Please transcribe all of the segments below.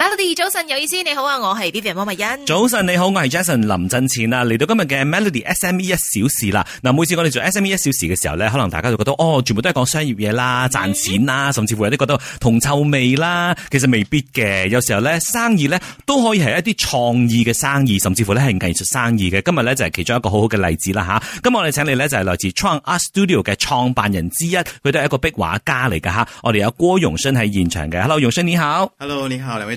Melody 早晨有意思，你好啊，我係 B B 魔密欣。早晨你好，我係 Jason 林振前啊，嚟到今日嘅 Melody S M E 一小時啦。嗱，每次我哋做 S M E 一小時嘅時候咧，可能大家就覺得哦，全部都係講商業嘢啦，賺錢啦，甚至乎有啲覺得同臭味啦。其實未必嘅，有時候咧，生意咧都可以係一啲創意嘅生意，甚至乎呢係藝術生意嘅。今日咧就係其中一個好好嘅例子啦吓。今日我哋請嚟咧就係來自 Tron Art Studio 嘅創辦人之一，佢都係一個壁畫家嚟㗎。吓。我哋有郭榮生喺現場嘅，Hello 榮生你好，Hello 你好兩位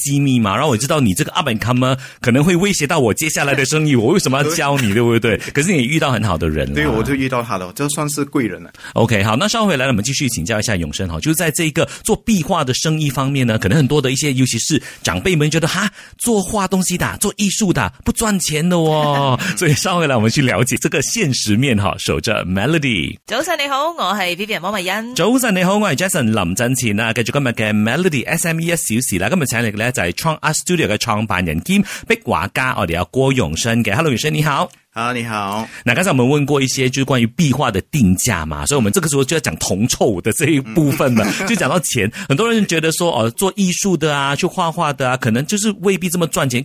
機密嘛，然後我知道你這個阿本康啊，可能會威脅到我接下來的生意，我為什麼要教你，對不對？可是你遇到很好的人，對，我就遇到他啦，真算是貴人了。OK，好，那稍後回來我們繼續請教一下永生哈，就是在這個做壁畫的生意方面呢，可能很多的一些，尤其是長輩們覺得哈，做畫東西的，做藝術的，不賺錢的哦，所以稍後回來我們去了解這個現實面哈。守着 Melody，早晨你好，我係 Vivian 莫文欣。早晨你好，我係 Jason 林振前啊，繼續今日嘅 Melody SME 一小時啦，今日請嚟在創 Art Studio 的創辦人兼壁畫家，我哋阿郭永生嘅，Hello 永生你好，Hello 你好。那剛才我們問過一些，就是關於壁畫的定價嘛，所以，我們這個時候就要講銅臭的這一部分啦，mm，就講到錢。 很多人覺得說，哦，做藝術的啊，去畫畫的啊，可能就是未必這麼賺錢。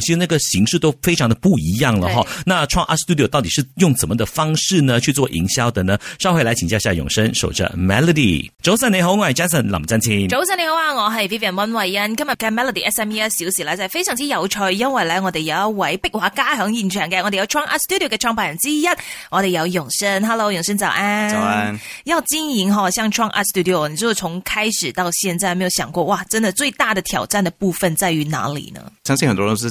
其實那個形式都非常的不一樣了哈。那創 Art Studio 到底是用怎麼的方式呢去做營銷的呢？上回來請教一下永生，守着 Melody。早晨你好，我係 Jason 林振清。早晨你好啊，我係 Vivian 溫慧欣。今日嘅 Melody SME 一小時呢，就非常之有趣，因為呢，我哋有一位壁畫家響現場嘅，我哋有創 Art Studio 嘅創辦人之一，我哋有永生。Hello，永生早安。早安。一路經營何 a 創 Art Studio？你就從開始到現在，沒有想過哇，真的最大的挑戰的部分在於哪裏呢？相信很多人是。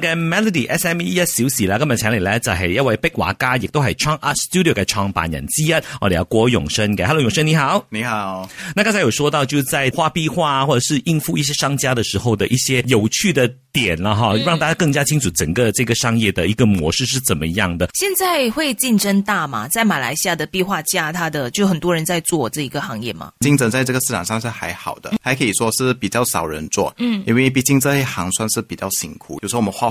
嘅 Melody SME 一小時啦，根本前里就是一位壁畫家，也都 Trunk Art studio 創辦人之一、啊。我哋郭永生嘅，Hello 永生你好，你好。那剛才有說到，就在畫壁畫啊，或者是應付一些商家的時候，的一些有趣的點啦哈、嗯，讓大家更加清楚整個這個商業的一個模式是怎麼樣的？現在會競爭大嗎？在馬來西亞的壁畫家，他的就很多人在做這一個行業嘛？競爭在這個市場上是還好的、嗯，還可以說是比較少人做。嗯，因為畢竟這一行算是比較辛苦，有時候我們畫。